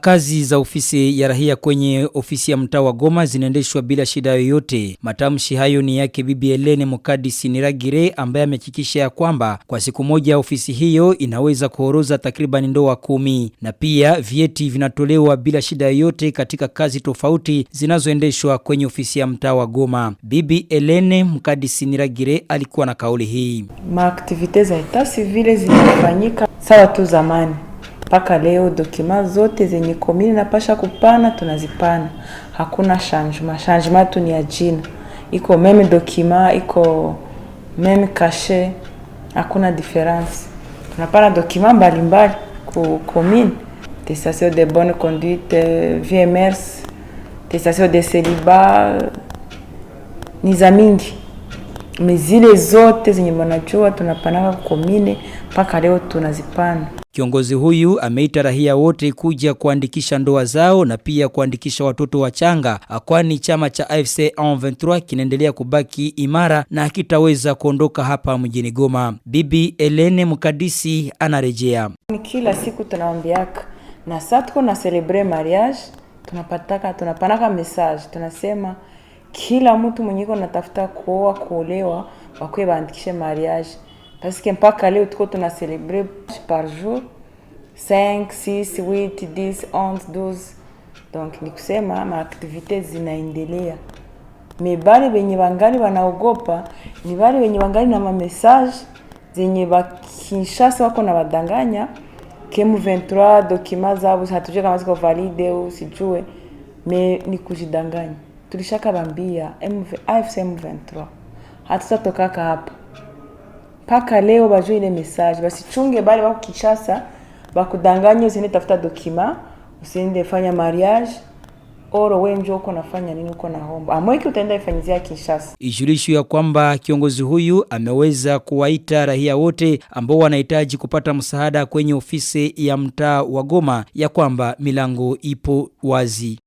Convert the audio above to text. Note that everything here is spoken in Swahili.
Kazi za ofisi ya rahia kwenye ofisi ya mtaa wa Goma zinaendeshwa bila shida yoyote. Matamshi hayo ni yake Bibi elene Mukadisi Niragire ambaye amehakikisha ya kwamba kwa siku moja ofisi hiyo inaweza kuhoroza takriban ndoa kumi na pia vyeti vinatolewa bila shida yoyote katika kazi tofauti zinazoendeshwa kwenye ofisi ya mtaa wa Goma. Bibi elene Mukadisi Niragire alikuwa na kauli hii: maaktivite za eta sivile sawa tu zamani mpaka leo dokima zote zenye komini napasha kupana tunazipana, hakuna changement. Changement tu ni ya jina, iko meme dokima, iko meme kashe, hakuna difference. Tunapana dokima mbalimbali ku komini: attestation de bonne conduite, VMRS, attestation de celibat, ni za mingi mezile zote zenye mwanajua tunapanaka kukomine mpaka leo tunazipana. Kiongozi huyu ameita raia wote kuja kuandikisha ndoa zao na pia kuandikisha watoto wachanga, kwani chama cha AFC M23 kinaendelea kubaki imara na hakitaweza kuondoka hapa mjini Goma. Bibi Elene Mkadisi anarejea. Kila siku tunawambiaka na saa tuko na celebre mariage, tunapataka tunapanaka message, tunasema kila mtu mwenye iko natafuta kuoa kuolewa, wakwe baandikishe mariage Parce que mpaka leo on a célébré par jour 5, 6, 8, 10, 11, 12. Donc ni kusema maaktivite zinaendelea. Me bale wenye wangali wanaogopa ni bale wenye wangali na message zenye Bakinshasa wako na badanganya ke M23 dokima zabo hatujue kama ziko valide au sijue, me ni kujidanganya. Tulishaka bambia AFC M23 hatutatokaka hapa mpaka leo bajue ile message, basichunge bale bako Kinshasa bakudanganye, usiende tafuta dokima, usiende fanya mariage oro we njo uko nafanya nini, uko na homba amweki utaenda ifanyizia Kinshasa. Ijulisho ya kwamba kiongozi huyu ameweza kuwaita raia wote ambao wanahitaji kupata msaada kwenye ofisi ya mtaa wa Goma ya kwamba milango ipo wazi.